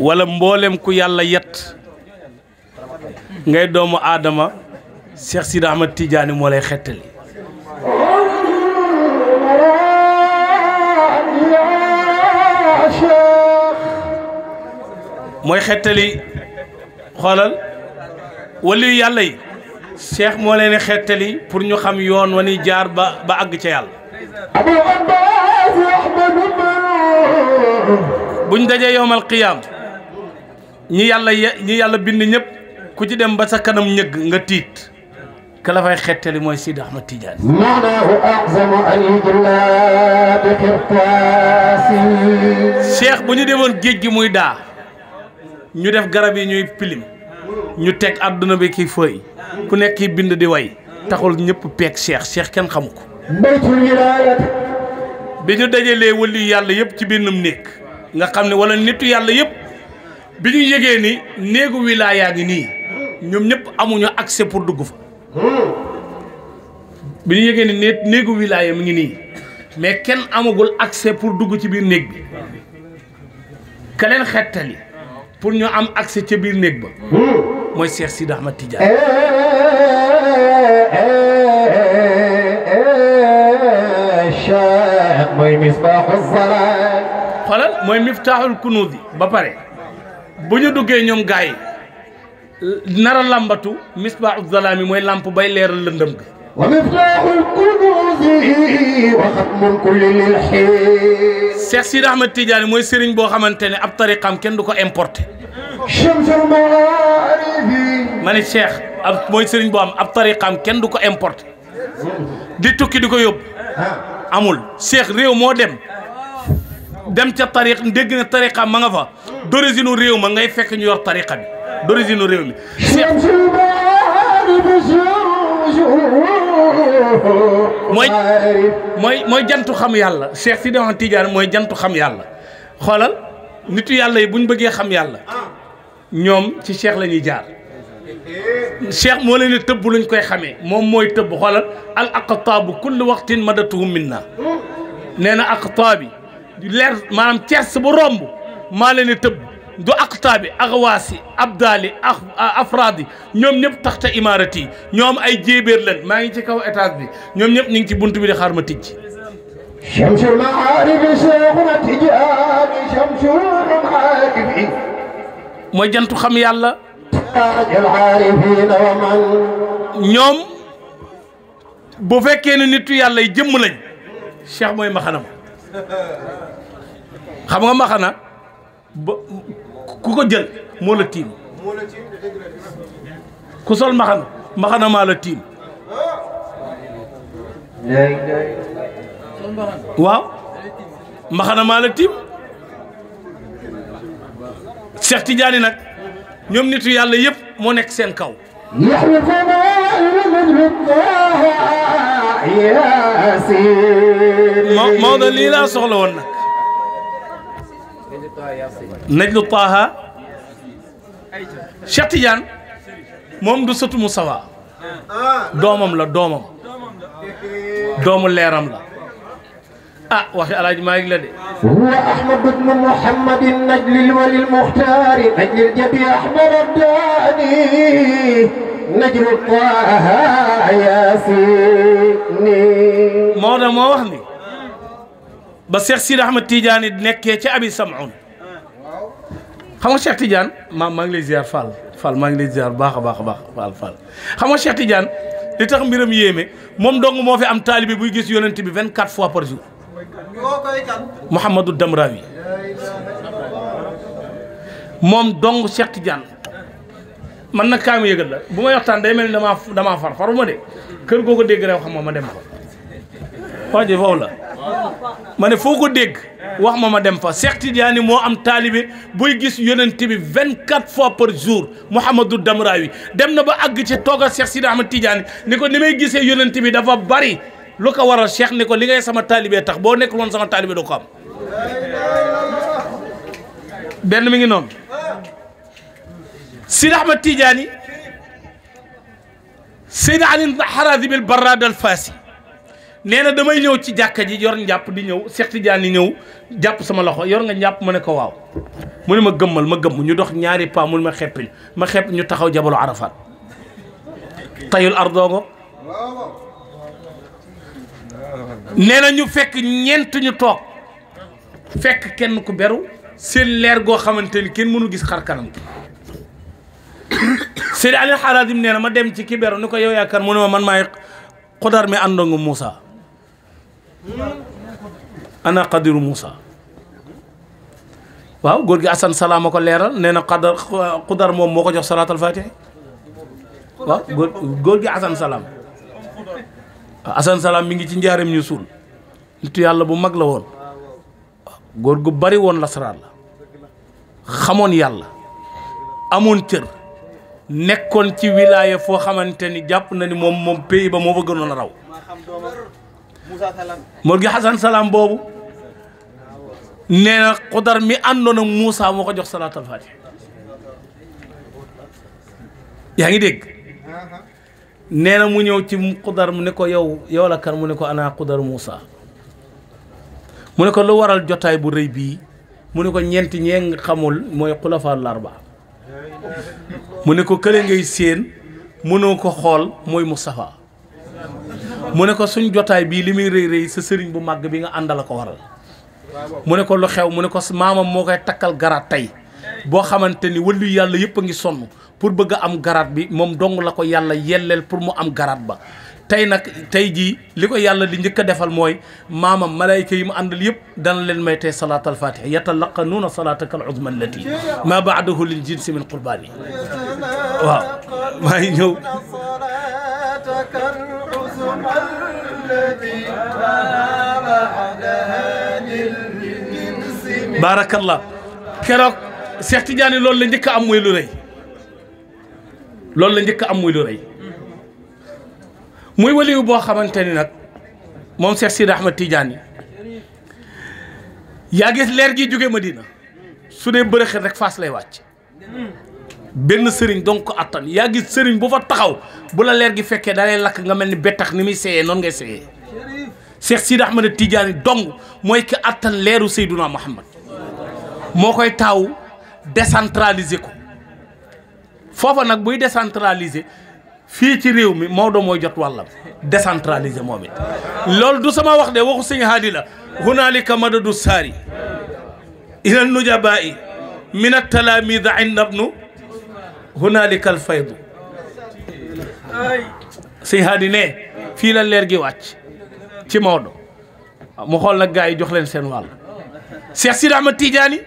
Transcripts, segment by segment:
wala mbollem ku yàlla yett ngay doomu adama Cheikh Sidi ahmed Tidiane mo lay xettali moy xettali xolal wali yàlla yi cheikh mo leni xettali pour ñu xam yoon wani jaar ba ba ag ci yàlla buñ dajé yowmal qiyam ñi yàlla ñi yàlla bind ñëpp ku ci dem ba sa kanam ñëgg nga tiit ka la fay xetteli mooy Sidi Ahmad Tidiane maanaahu azamu aljilla bi xirtaasi cheikh bu ñu demoon géej gi muy daa ñu def garab yi ñuy pilim ñu teg àdduna bi ki fëy ku nekk ki bind di way taxul ñëpp peeg cheikh cheikh kenn xamu ko baytul wilaayat bi ñu dajalee wëli yàlla yëpp ci bindum néeg nga xam ne wala nitu yàlla yëpp bi ñu yëgee ni néegu wilaayaa ngi nii ñoom ñépp amuñu accès pour dugg fa bi ñu yëgee ni néegu wilaaya mi ngi nii mais kenn amagul accès pour dugg ci biir néeg bi ka leen xettali pour ñu am accès ca biir néeg ba mooy Cheikh dax ma Tidiane mooy misbaaxu salaat xoolal mooy miftaaxul kunuudi ba pare buñu duggé ñom gaay nara lambatu misbahu zalami moy lamp bay leral lendeum ga wa miftaahul kunuuzihi wa xatmul kulli lil hayy Cheikh sir Ahmed Tidiane moy serigne bo xamantene ab tariqam ken duko importer shamsul chamsul maarifi ma Cheikh ab moy serigne bo am ab tariqam ken duko importer di tukki diko yob amul Cheikh rew mo dem dem ca tariq dégg na tariqa ma nga fa d'origine u réew ma ngay fekk ñu yor tariqa bi d'origine u réew mi mooy mooy mooy jantu xam yàlla Cheikh si Ahmed Tidiane mooy jantu xam yàlla xoolal nitu yàlla yi buñ bëggee xam yàlla ñoom ci Cheikh la ñuy jaar Cheikh moo leen di tëbb luñ koy xamee moom mooy tëbb xoolal al aqtaabu kullu waqtin madatuhum minna hmm. nee na aqtaabi leer maanaam Cees bu romb maa leen di tëb du aqtaabi axwaasi abdaali afraadi ñoom ñëpp taxta imaarati ñoom ay jéebéer lan maa ngi ci kaw étage bi ñoom ñëpp ñu ngi ci bunt bi di xaar ma tijji شمس المعارف شيخنا تجاني شمس المعارف mooy jantu xam yàlla ñoom bu fekkee ne nitu yàlla yi jëmm lañ cheikh mooy maxanam xam nga maxana ba ku ko jël moo tiim ku sol maxana maxana maa la tiim waaw maxana maa nag ñoom nitu yàlla yëpp moo nekk seen kaw Maodo lii laa soxla woon nag نجلو طه شتيان موم دو ستو موسوا دومم لا دومم دوم ليرام لا اه واخي الله ماغي لا دي هو احمد بن محمد النجل الولي المختار نجل الجبي احمد الداني نجل طه ياسيني مودا ما واخني ba cheikh sidi ahmed tidiane nekke ci abi samoun xam nga Cheikh maam maa maa ngi lay ziar maa ngi lay ziar baax a baax a baax Fall Fall xam nga Cheikh Tidiane li tax mbiram yéeme moom dong moo fi am taalibe buy gis yonent bi 24 fois par jour. Mouhamadou Damrawi moom dong Cheikh Tidiane man na kaay ma yëgal la bu may waxtaan day mel ni damaa damaa far faruma de kër googu dégg rek wax ma ma dem waa ji foofu la ma ne foo ko dégg wax ma ma dem fa Cheikh Tidiane moo am taalibe buy gis yonent bi vingt quatre fois par jour Mouhamadou Damraoui dem na ba àgg ci toog a Cheikh Sidi Ahmad Tidiane ni ko ni may gisee yonent bi dafa bari lu ko waral Cheikh ni ko li ngay sama taalibe tax boo nekkul woon sama taalibe ko am mi ngi Sidi Tidiane nee na damay ñëw ci jàkka ji yor njàpp di ñëw Cheikh Tidiane di ñëw jàpp sama loxo yor nga njàpp ma ne ko waaw mu ne ma gëmmal ma gëmm ñu dox ñaari pas mu ne ma xeppil ma xepp ñu taxaw jabalu arafat tayul ardoongo nee na ñu fekk ñeent ñu toog fekk kenn ku beru seen leer goo xamante ni kenn mënu gis xar kanam Seydi Aliou Harazim nee na ma dem ci ki beru ni ko yow yaakaar mu ne ma man maay xudar mi àndoongu Moussa ana qadiru Moussa waaw góor gi Assane ko leeral nee na qadar moom moo ko jox salaatul fatiha waaw góor góor gi Assane Salam ah, Assane Salam mi ngi ci njaaram ñu suul nitu yàlla bu mag la woon góor gu bari woon lasaraar la xamoon yàlla amoon cër nekkoon ci wilaaya foo xamante ni jàpp na ni moom moom pays ba moo fa gënoon a raw Morgi Xasan Salaam boobu nee na xudar mi àndoon ak moo ko jox salaatul faatih yaa ngi dégg nee na mu ñëw ci xudar mu ne ko yow yow la kan mu ne ko anaa xudar muusa mu ne ko lu waral jotaay bu rëy bii mu ne ko ñeenti ñee nga xamul mooy xulafaa larba mu ne ko kële ngay séen mënoo ko xool mooy Moustapha mu ne ko suñ jotaay bii li muy rëy rey sa sëriñ bu màgg bi nga àndal ko waral mu ne ko lu xew mu ne ko maamam moo koy takkal garaat tey boo xamante ni wëllu yàlla yëpp a ngi sonn pour bëgg am garaat bi moom dong la ko yàlla yelleel pour mu am garaat ba tey nag tey jii li ko yàlla di njëkk defal mooy maamam malayka yi mu àndal yëpp dana leen may tey salaat alfatiha yatalaqanuuna salaataka al uzma allati ma baadahu lil jinsi min qurbaani waaw التي لنا keroog Cheikh Tidiane loolu la njëkk am muy lu rëy loolu la njëkk am muy lu boo xamante ni nag moom Cheikh Sidi Ahmed Tidiane yaa gis leer gi jóge Madina su dee bërëxet rek faas lay wàcc benn sëriñ donc attan yaa gis sëriñ bu fa taxaw bu la leer gi fekkee da lakk nga mel ni bettax ni muy seeyee noonu ngay seeyee Cheikh Sidi Ahmed Tidiane dong mooy ki attan leeru Seydouna Muhammad moo koy taaw décentraliser ko foofa nag buy décentraliser fii ci réew mi Maodo mooy jot wàllam décentraliser moom it loolu du sama wax de waxu sëñ haadi la hunaalika madadu saari ilal nujabaa'i min at-talaamid inda ibnu hunaalika alfaydu si haadi ne fii la leer gi wàcc ci Maodo mu xool na gars yi jox leen seen wàll Cheikh Sidi Ahmad Tidiane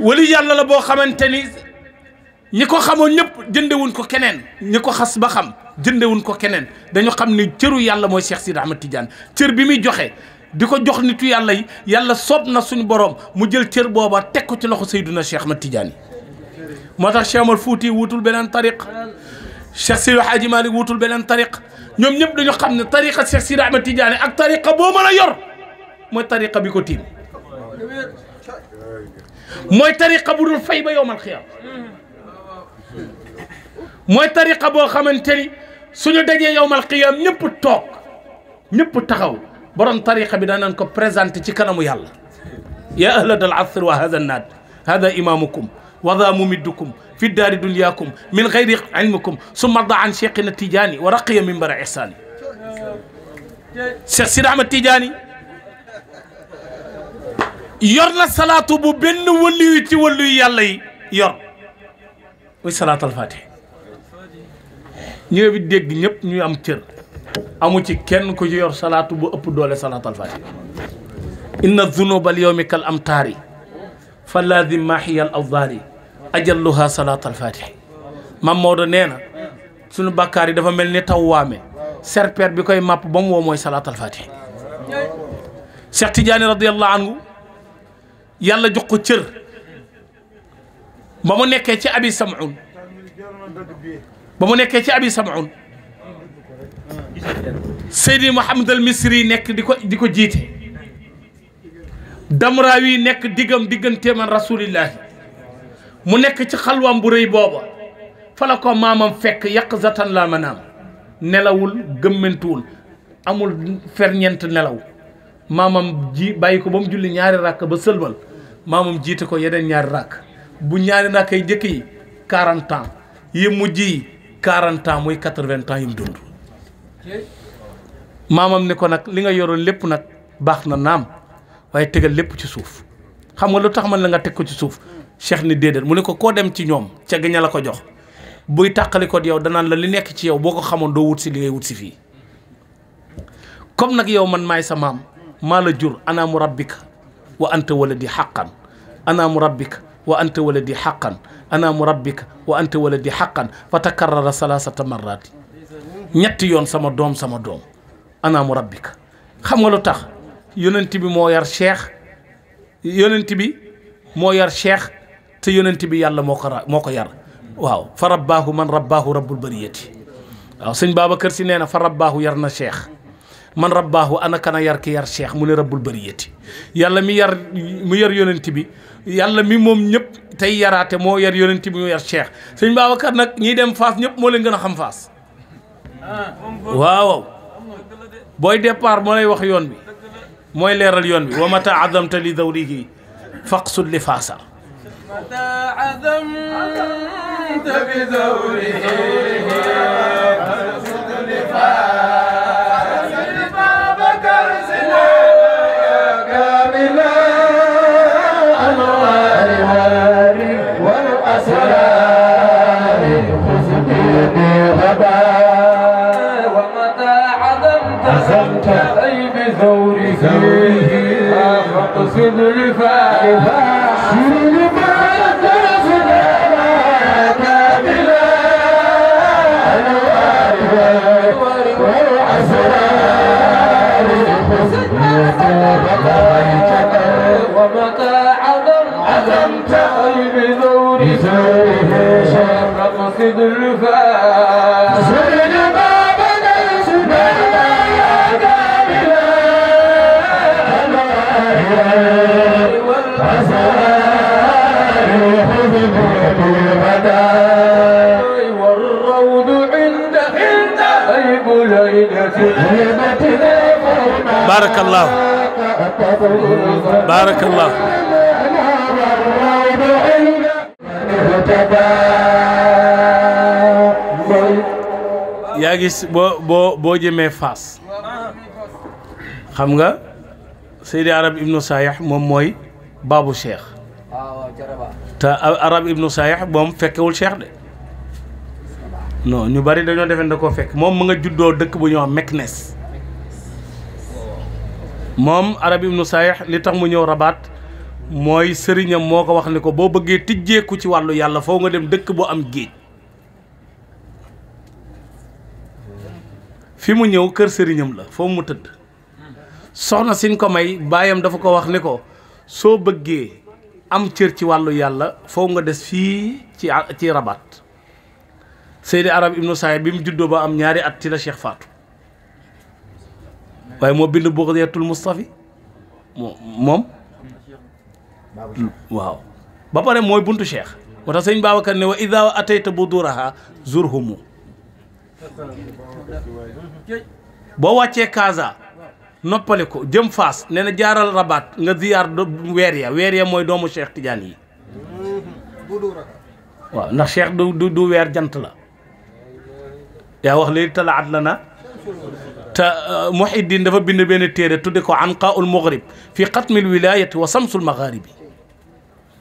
wali yàlla la boo xamante ni ñi ko xamoon ñëpp jëndewuñ ko keneen ñi ko xas ba xam jëndewuñ ko keneen dañu xam ni cëru yàlla mooy Cheikh Sidi ma Tidiane cër bi muy joxe di ko jox nitu yàlla yi yàlla soob na suñu borom mu jël cër booba teg ko ci loxo seydu na Cheikh Ahmad Tidiane moo tax Cheikh Omar Fouti wutul beneen tariq Cheikh Sidi Hadji Malick wutul beneen tariq ñoom ñëpp dañu xam ne tariqa Cheikh Sidi Ahmed Tidiane ak tariqa boo mën a yor mooy tariqa bi ko tiim mooy tariqa bu dul fay ba yowmal xiyam mooy tariqa boo xamante ni suñu dajee yowmal xiyam ñëpp toog ñëpp taxaw borom tariqa bi danañ ko présenté ci kanamu yàlla ya ahla al asr wa hada naad hada imamukum وضاموا مدكم في الدار دنياكم من غير علمكم ثم رضى عن شيخنا التجاني ورقي من برع إحساني شيخ سيد أحمد التجاني يور لا صلاة ببن ولي ولي يلي يور وي صلاة الفاتحة ñu bi deg ñep ñu am cër amu ci kenn ko ci yor salatu bu upp doole salatu al fatiha inna dhunuba al ajalluha salata alfatihi mam Maodo nee na sunu bakkaar yi dafa mel ni taw waame serpent bi koy màpp ba mu woo mooy salata alfatihi Cheikh Tidiane radiyallahu anhu yàlla jox ko cër ba mu nekkee ci abi samun ba mu nekkee ci abi samun Seydi Mouhamed al Misri nekk di ko di ko jiite damraaw yi nekk diggam digganteem ak rasulillahi mu nekk ci xalwaam bu rëy booba fa la ko maamam fekk yàq zatan laa manaam nelawul gëmmantuwul amul ferñeent nelaw maamam ji bàyyi ko ba mu julli ñaari ràkk ba sëlmal maamam jiite ko yeneen ñaari ràkk bu ñaari ràkk yi jëkk yi quarante ans yi mujj yi quarante ans muy quatre yi dund maamam ni ko nag li nga yoroon lépp nag baax na naam waaye tegal lépp ci suuf xam nga lu tax man la nga teg ko ci suuf cheikh ni déedéet mu ne ko koo dem ci ñoom ca gaña la ko jox buy tàqali ko yow danaan la li nekk ci yow boo ko xamoon doo wut si li ngay wut si fii comme nag yow man maay sa maam maa la jur ana mu rabbika wa anta wala di xàqan ana mu rabbika wa anta wala di xàqan ana mu rabbika wa anta wala di xàqan fa takarrara salaasata marraati ñetti yoon sama doom sama doom ana mu rabbika xam nga lu tax yonent bi moo yar cheikh yonent bi moo yar cheikh te yonent bi yàlla moko moko yar waaw farabahu man rabbahu rabbul bariyati waaw seigne babakar si neena farabahu yarna sheikh cheikh man rabbahu ana kana yar ki yar cheikh mune rabbul bariyati yàlla mi yar mu yar yonent bi yàlla mi mom ñep tay yarate mo yar yonent bi mu yar cheikh seigne babakar nak ñi dem fas ñep mo leen gën xam fas waaw boy départ mo lay wax yoon bi moy leral yoon bi wa mata azamta li dawrihi faqsul li متى عزمت بزوره أرصد لفاس الباب كرسنا يا كامل أنوار والأسرار خذني غدا ومتى عزمت أي بزوره أقصد لفاس Barakallah, Barakallah. بارك الله yaa gis boo boo boo jëmee Faas xam nga Seydi Arab Ibnu Sayah moom mooy baabu cheikh te Arab Ibnu Sayah moom fekkewul cheikh de non ñu bari dañoo defe da koo fekk moom mu nga juddoo dëkk bu ñoo wax Meknes moom arab ibnu sayx li tax mu ñëw rabaat mooy sëriñam moo ko wax ni ko boo bëggee tijjeeku ci wàllu yàlla foo nga dem dëkk bu am géej fi mu ñëw kër sëriñam la foo mu tëdd soxna sin ko may baayam dafa ko wax ni ko soo bëggee am cër ci wàllu yàlla foo nga des fii ci ci rabaat Seydi Arab ibnu Saïd bi mu juddoo ba am ñaari at ci la Cheikh Fatou waaye moo bind buxdiyatul Mustafi moom waaw ba pare mooy buntu cheikh moo tax sëñ Babacar ne wa ida atayta buduraha zurhumu boo wàccee Kaasa noppali ko jëm faas nee na jaaral rabaat nga ziyaar weer ya weer ya mooy doomu cheikh Tidiane yi waaw ndax cheikh du du weer jant la ya wax léegi talaat la na تا محي الدين دفا بين بين تيري تدكو عنقاء المغرب في قتم الولاية وصمس المغاربي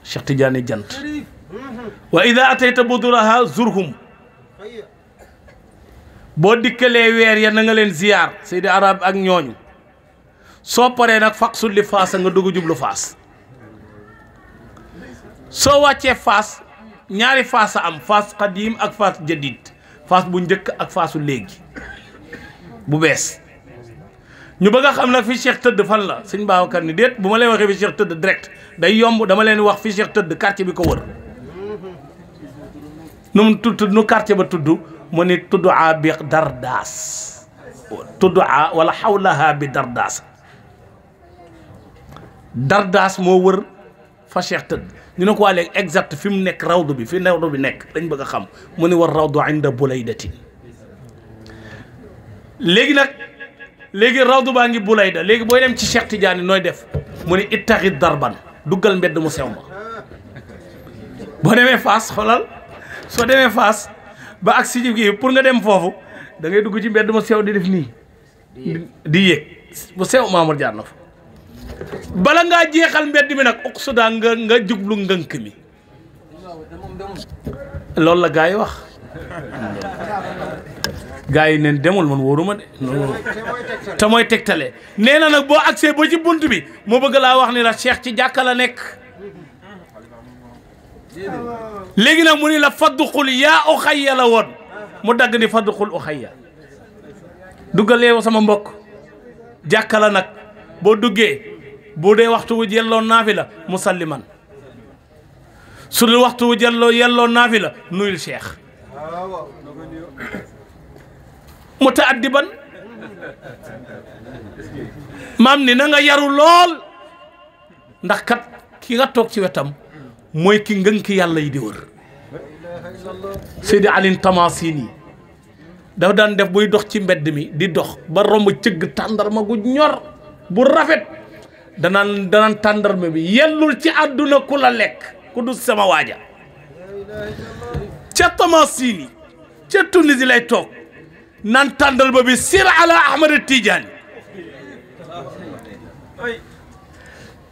شيخ تجاني جنت وإذا أتيت بودرها زرهم بودك لي وير يا نغلن زيار سيدي عرب اك نيوني سو باري نك فاكسو لي فاس nga dugu djublu fas سو واتي فاس نياري فاس ام فاس قديم اك فاس جديد فاس بو نديك اك فاسو ليغي bu bees ñu bëgg a xam nag fi Cheikh tëdd fan la sëñ Babacar ni déet bu ma leen waxee fi Cheikh tëdd direct day yomb dama leen wax fi Cheikh tëdd quartier bi ko wër nu mu tudd nu quartier ba tudd mu ni tudd a bi dardaas tudd a wala xawlaha bi dardaas dardaas moo wër fa Cheikh tëdd ñu ne ko waa léegi exact fi mu nekk rawdu bi fi rawdu bi nekk dañ bëgg a xam mu ni war rawdu inda bulaydatin léegi nag léegi rawdu baa ngi bulay da léegi booy dem ci Cheikh Tidiane nooy def mu ne ittaxi darban duggal mbedd mu sew ma boo demee Fass xoolal soo demee Fass ba ak si kii pour nga dem foofu dangay dugg ci mbedd mu sew di def nii di yéeg bu sew Mamour jaar na fa bala ngaa jeexal mbedd mi nag uqsuda nga nga jublu ngënk mi loolu la gaa yi wax gaa yi neen demul man wóoruma de te mooy tegtale nee na nag boo agsee ba ci bunt bi mu bëgg laa wax ni la cheikh ci jàkka nekk léegi nag mu ni la fadduxul yaa uxayya la woon mu dagg ni fadduxul uxayya duggaleew sama mbokk jàkka la nag boo duggee bu dee waxtu wu yelloon naafi la musalliman su dul waxtu wu yelloo yelloon la nuyul cheikh mutaaddiban mam ni na nga yaru lol ndax kat ki nga tok ci wetam moy ki ngeunk yalla yi di wër Seydi Alin Tamasini da daan def buy dox ci mbedd mi di dox ba romb cëgg tandarma gu ñor bu rafet danaan danaan tandarma bi yellul ci aduna kula lek ku du sama waja ci Tamasini ci tunisi lay tok nan tàndal ba bi sir ala Ahmad Tidiane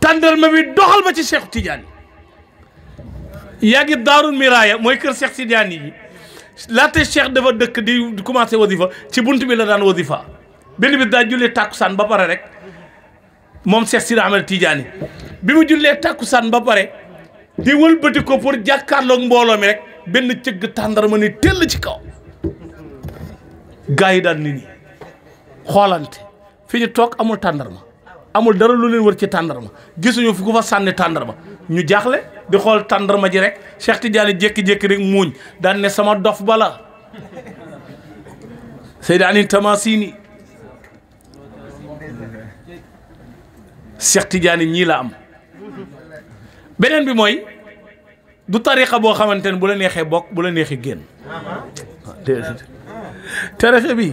tàndal ma bi doxal ba ci Cheikh Tidiane yaa ngi daarul miraaya mooy kër Cheikh Tidiane yi laata Cheikh dafa dëkk di commencé wasifa ci bunt bi la daan wasifa benn bi daa jullee tàkkusaan ba pare rek moom Cheikh Sidi Ahmad Tidiane bi mu jullee tàkkusaan ba pare di wëlbati ko pour jàkkaarloog mbooloo mi rek benn cëgg tàndarma ni tell ci kaw gars yi daal nit ñi xoolante fi ñu toog amul tàndarma amul dara lu leen wër ci tàndarma gisuñu fu ku fa sànni tàndarma ñu jaaxle di xool tàndarma ji rek Cheikh Tidiane jékki-jékki rek muuñ daan ne sama dof bala Seydani Tamasini Cheikh Tidiane ñii la am beneen bi mooy du tariqa boo xamante ne bu la neexee bokk bu la neexee génn tarixe bi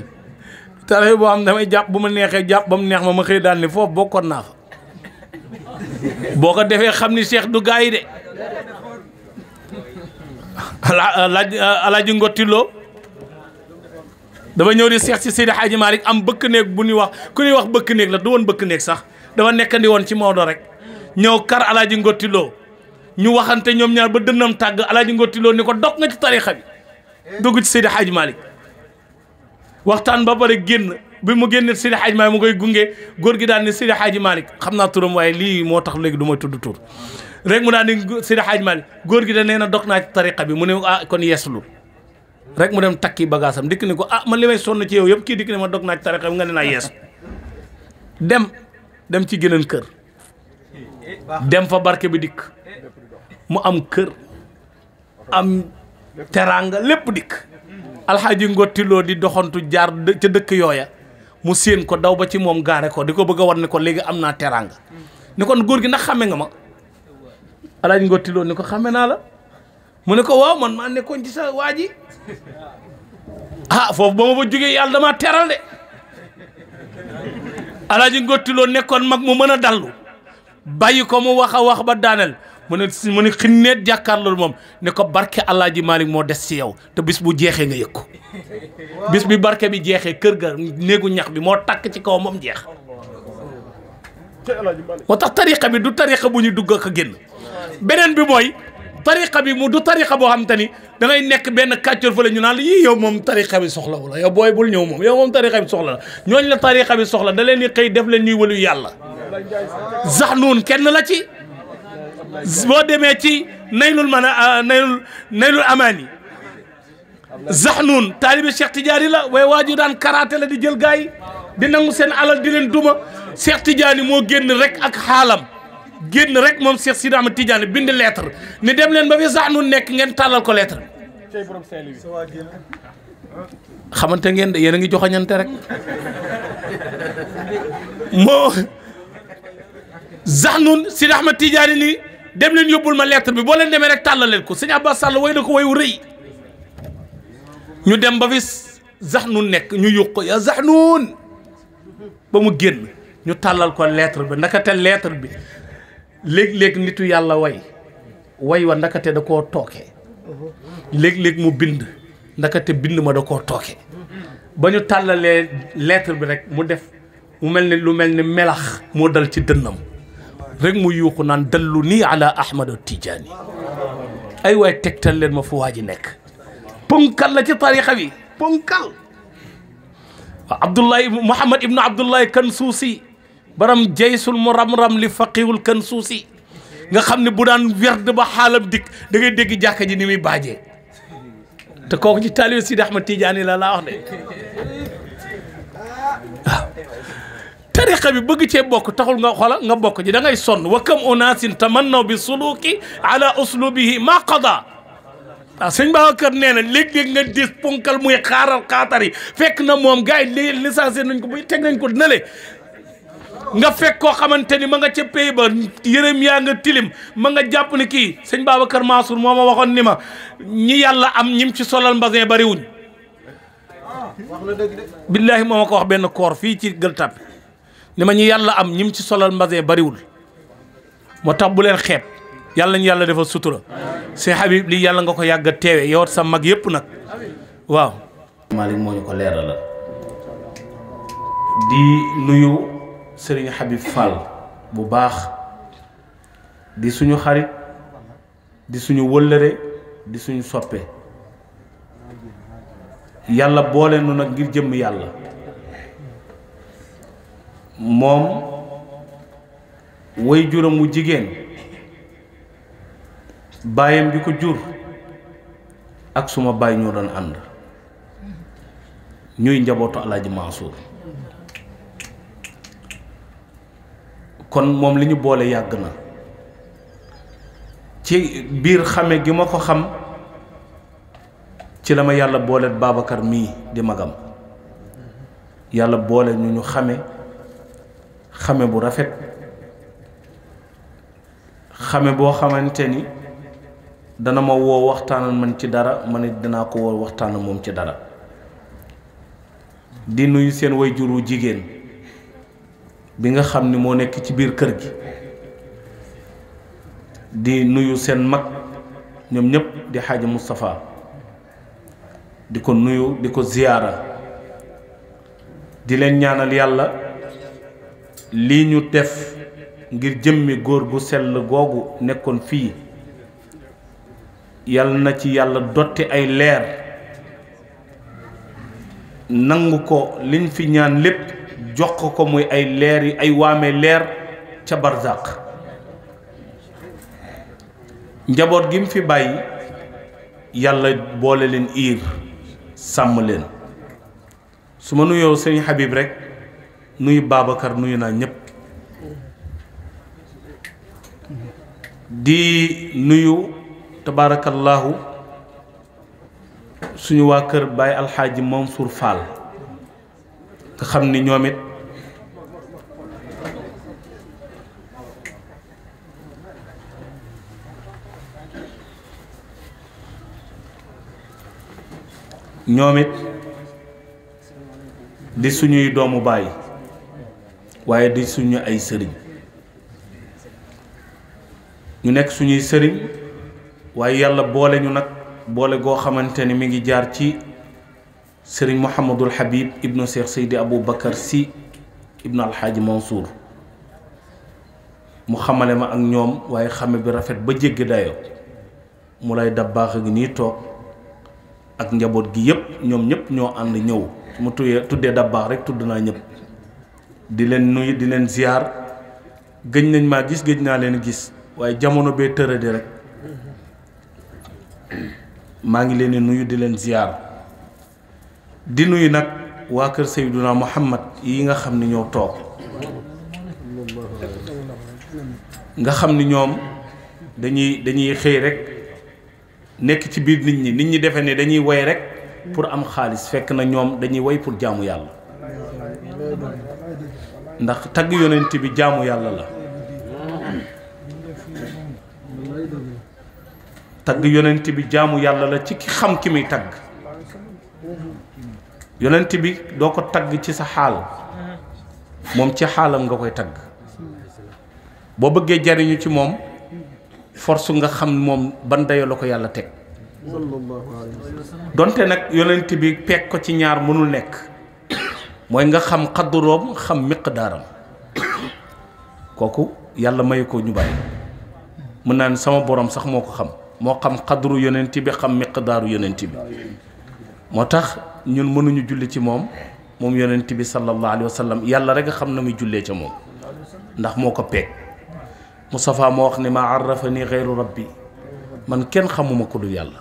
tarixe boo xam damay jàpp bu ma neexee jàpp ba mu neex ma ma xëy daal ni foofu bokkoon naa boo ko defee xam ni seex du gaa yi de alaaj alaaji ngottiloo dafa ñëw di seex si Seydi Hadji Malick am bëkk néeg bu ñuy wax ku ñuy wax bëkk néeg la du woon bëkk néeg sax dafa nekkandi woon ci Maodo rek ñëw kar alaaji ngottiloo ñu waxante ñoom ñaar ba dënnam tàgg alaaji ngottiloo ni ko dog nga ci tarixa bi dugg ci Seydi Hadji Malick waxtaan ba pare génn bi mu génne Sidi Hadj Malick mu koy gunge góor gi daal ne Sidi Hadj xam naa turam waaye lii moo tax léegi du ma tudd tur rek mu daal di Sidi Hadj Malick góor gi da nee na dox naa ci tariqa bi mu ne ah kon yeeslul rek mu dem takki bagaasam dikk ne ko ah ma li may sonn ci yow yëpp kii dikk ne ma dog naa ci tariqa bi nga ne naa yees dem dem ci geneen kër dem fa barke bi dikk mu am kër am teraanga lépp dikk alxaaji ngottiloo di doxantu jaar ca dëkk yooya mu séen ko daw ba ci moom gaare ko di ko bëgg a war ne ko léegi am naa teraanga ni kon góor gi ndax xame nga ma alxaaji ngottiloo ko xame naa la mu ne ko waaw man maa nekkoon ci sa waa ji ah foofu ba ma ba jógee yàlla damaa teral nekkoon mag mu mën a dallu bàyyi ko mu wax a wax ba daaneel mu ne mu ne xinneet moom ne ko barke Alaaji Maalik moo des ci yow te bis bu jeexee nga yëg ko bis bi barke bi jeexee kër ga néegu ñax bi moo takk ci kaw moom jeex moo tax tariqa bi du tariqa bu ñu dugg ak a génn beneen bi mooy tariqa bi mu du tariqa boo xam te ni da nekk benn kàccoor fële ñu naan la yii yow moom tariqa bi soxla wu la yow booy bul ñëw moom yow moom tariqa bi soxla la ñooñ la tariqa bi soxla da leen di xëy def leen ñuy wëlu yàlla zax kenn la ci bo demé ci naylul mana euh, naylul naylul amani zahnun talib Cheikh tidiari la way waa dan daan karaté la di jël gars di nangu sen alal di len duma Cheikh tidiani mo genn rek ak xaalam genn rek mom Cheikh Sidi Ahmed tidiani bind lettre ni dem len ba fi zahnun nek ngeen talal ko lettre cey borom xamante ngeen de yéen a ngi joxañante rek mo zahnun Sidi Ahmed tidiani ni dem leen yóbbul ma lettre bi boo leen demee rek tàllal leen ko sëñ Abbas Sall way na ko wayu rëy ñu dem ba fi sax nu nekk ñu yuq ko ya sax nuun ba mu génn ñu tàllal ko lettre bi ndakate lettre bi léeg-léeg nitu yàlla way way wa ndakate da koo tooke léeg-léeg mu bind ndakate bind ma da koo tooke ba ñu tàllalee lettre bi rek mu def mu mel ni lu mel ni melax moo dal ci dënnam rek mu yuuxu naan dallu nii ala Ahmad Tijaani ay waay tegtal leen ma fu waa ji nekk ponkal la ci tarixa bi ponkal waaw Abdoulaye Mouhamed Ibn Abdoulaye Kansuusi baram jaysul mu ram-ram li faqiwul Kansuusi nga xam ne bu daan werd ba xaalam dikk da ngay dégg ji ni muy baajee te kooku ci taalibe Sidi Ahmad Tijaani la laa wax de tariqa bi bëgg cee bokk taxul nga xoola nga bokk ji da ngay sonn wa kam unasin tamannaw bi suluki ala uslubihi ma qada waaw sëñ Babacar nee na léeg-léeg nga dis ponkal muy xaaral xaatar yi fekk na moom gars yi li licencié nañ ko bu teg nañ ko nële nga fekk koo xamante ni ma nga ca pay ba yërëm yaa nga tilim ma nga jàpp ni kii sëñ Babacar Mansour moo ma waxoon ni ma ñi yàlla am ñim ci solal mbasin bariwuñ billaahi moo ma ko wax benn koor fii ci gël li ma ñu yàlla am ñim ci solal mbasin bariwul moo tax bu leen xeeb yàlla ñu yàlla defal sutura si Habib lii yàlla nga ko yàgg a teewe yow sa mag yëpp nag waaw. Malick moo ñu ko leeral la di nuyu Serigne Habib Fall bu baax di suñu xarit di suñu wëllëre di suñu soppe yàlla boole nu nag ngir jëmm yàlla. moom woy juram mu jigéen baayam bi ko jur ak suma baay ñoo doon ànd ñuy njabootu alaaji Mansour kon moom li ñu boole yàgg na ci biir xame gi ma ko xam ci la ma yàlla booleet Babacar mii di magam yàlla boole ñu ñu xame xame bu rafet xame boo xamante ni dana ma woo waxtaanal man ci dara ma ne dinaa ko woo waxtaanal moom ci dara di nuyu seen wayjur wu jigéen bi nga xam ni moo nekk ci biir kër gi di nuyu seen mag ñoom ñépp di xaaja Moustapha di ko nuyu di ko ziyaara di leen ñaanal yàlla lii ñu def ngir jëmmi góor gu sell googu nekkoon fii yal na ci yàlla dotti ay leer nangu ko liñ fi ñaan lépp jox ko muy ay leer yi ay waame leer ca barzaq njaboot gi mu fi bàyyi yàlla boole leen iir sàmm leen su ma nuyoo sëñ Habib rekk nuyu Babacar nuyu naa ñëpp di nuyu tabaarakallaahu suñu waa kër Baye Alxaaji Mansour Fall nga xam ni ñoom di suñuy doomu baay waye di suñu ay sëriñ ñu nek suñuy sëriñ waye yalla boole ñu nak boole go xamanteni mi ngi jaar ci sëriñ Habib ibnu sheikh Seydi Abou Bakar si ibnu Alxaaji Mansour mu xamale ma ak ñoom waye xamé bi rafet ba jéggi dayo mu lay dabbaax gi ni tok ak njabot gi yépp ñoom ñëpp ñoo and ñëw mu tuddé dabbaax rek tudd ñëpp di leen nuyu di leen ziar gëj nañ maa gis gëj naa leen gis waaye jamono bee tëradi rek maa ngi leen di nuyu di leen ziar di nuyu nag waa kër Seyduna Muhammad yi nga xam ne ñoo toog nga xam ni ñoom dañuy dañuy xëy rek nekk ci biir nit ñi nit ñi defe ne dañuy woy rek pour am xaalis fekk na ñoom dañuy woy pour jaamu yàlla ndax tagg yonent bi jaamu yàlla la tagg yonent bi jaamu yàlla la ci ki xam ki muy tagg yonent bi doo ko tagg ci sa xaal moom ci xaalam nga koy tagg boo bëggee jariñu ci moom fors nga xam moom ban la ko yàlla teg donte nag yonent bi peeg ko ci ñaar mënul nekk mooy nga xam xadduroom xam miqdaaram kooku yàlla mayu ko ñu bàyyi mën naa ne sama boroom sax moo ko xam moo xam xadru yonent bi xam miqdaaru yonent bi moo tax ñun mënuñu julli ci moom moom yonent bi sallallahu alayhi sallam yàlla rek xam na muy jullee ca moom ndax moo ko peeg Moustapha moo wax ni maa arrafani xeyru rabbi man kenn xamuma ko du yàlla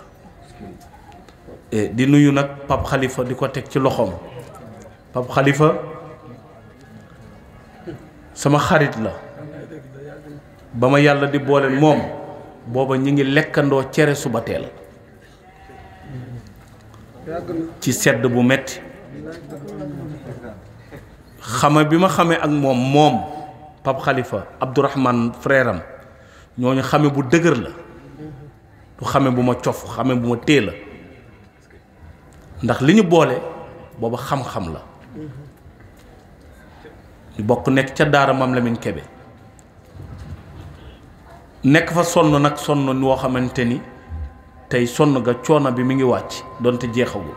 eh, di nuyu nag Pape xalifa di ko teg ci loxoom Pape Khalifa sama xarit la ba ma yàlla di boole moom booba ñu ngi lekkandoo cere suba teel ci sedd bu metti xame bi ma xamee ak moom moom Pape Khalifa Abdourahman frère am ñooñu xame bu dëgër la du xame bu ma cof xame bu ma tée la ndax li ñu boole booba xam-xam la bokk nekk ca daara Maam Lamine Kebe nekk fa sonn nag sonn woo xamante ni tey sonn ga coono bi mu ngi wàcc donte jeexagul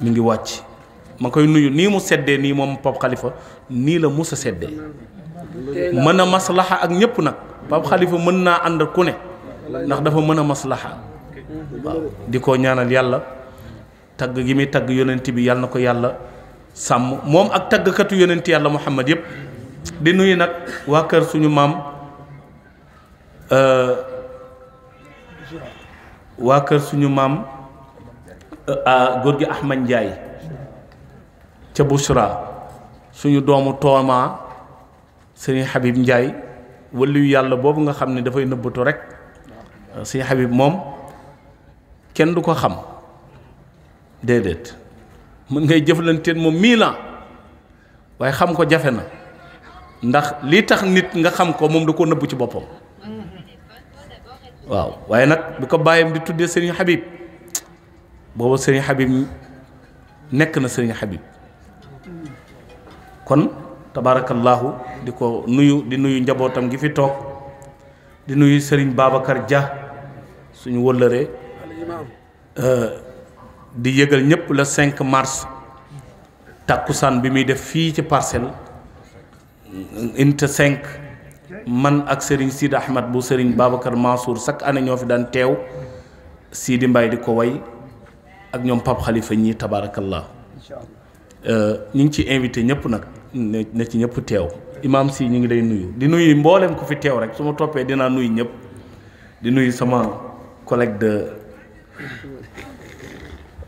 mu ngi wàcc ma koy nuyu nii mu seddee nii moom Pape Khalifa nii la mus a seddee mën a maslaxa ak ñépp nag Pape xalifa mën naa ànd ku ne ndax dafa mën a maslaxa waaw di ko ñaanal yàlla tagg gi muy tagg yonent bi yàlla na ko yàlla sàmm moom ak taggkatu yonent yàlla muhammad yëpp di nuyu nag waa kër suñu maam euh, suñu maam euh, góor gi Ahmad Njaay ca Bushra suñu doomu toomaa sëñ Habib Njaay waliyu yàlla boobu nga xam ne dafay nëbbatu rek sëñ Habib moom kenn du ko xam déedéet mën ngay jëflanteen moom mille ans waaye xam ko jafe na ndax li tax nit nga xam ko moom da ko nëbb ci boppam waaw waaye nag bu ko bàyyam di tuddee sëriñ Habib booba sëriñ Habib nekk na sëriñ Habib kon tabaarakallaahu di ko nuyu di nuyu njabootam gi fi toog di nuyu sëriñ Babacar ja suñu wëllëree di yëgal ñëpp le 5 mars takusan bi mi def fi ci parcel inte 5 man ak Serigne sid ahmad bu Serigne babakar Mansour sak année ñoo fi daan tew Sidi mbay di ko way ak ñom pap Khalifa tabarakallah inshallah euh ñi ci inviter ñëpp nak na ci ñëpp tew imam si ñi ngi lay nuyu di nuyu mbollem ku fi tew rek suma topé dina nuyu di nuyu sama collègue de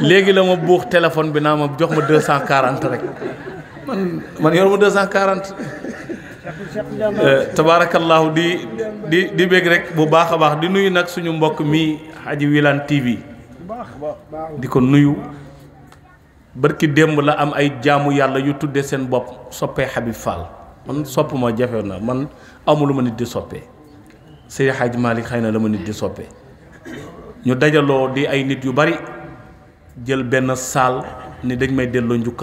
léegi la ma buux téléphone bi naa ma jox ma deux cent quarante rek man man yor ma deux euh, di di di bég rek bu baax a baax di nuyu nag suñu mbokk mi Hadji Wilane TV di ko nuyu barki démb la am ay jaamu yàlla yu tuddee seen bopp soppee Habib Fall man sopp ma jafe na man amul ma nit di soppee Seydi xaj Malick xëy na la ma nit di soppee ñu dajaloo di ay nit yu bari jël benn saal ni dañ may delloo njukkal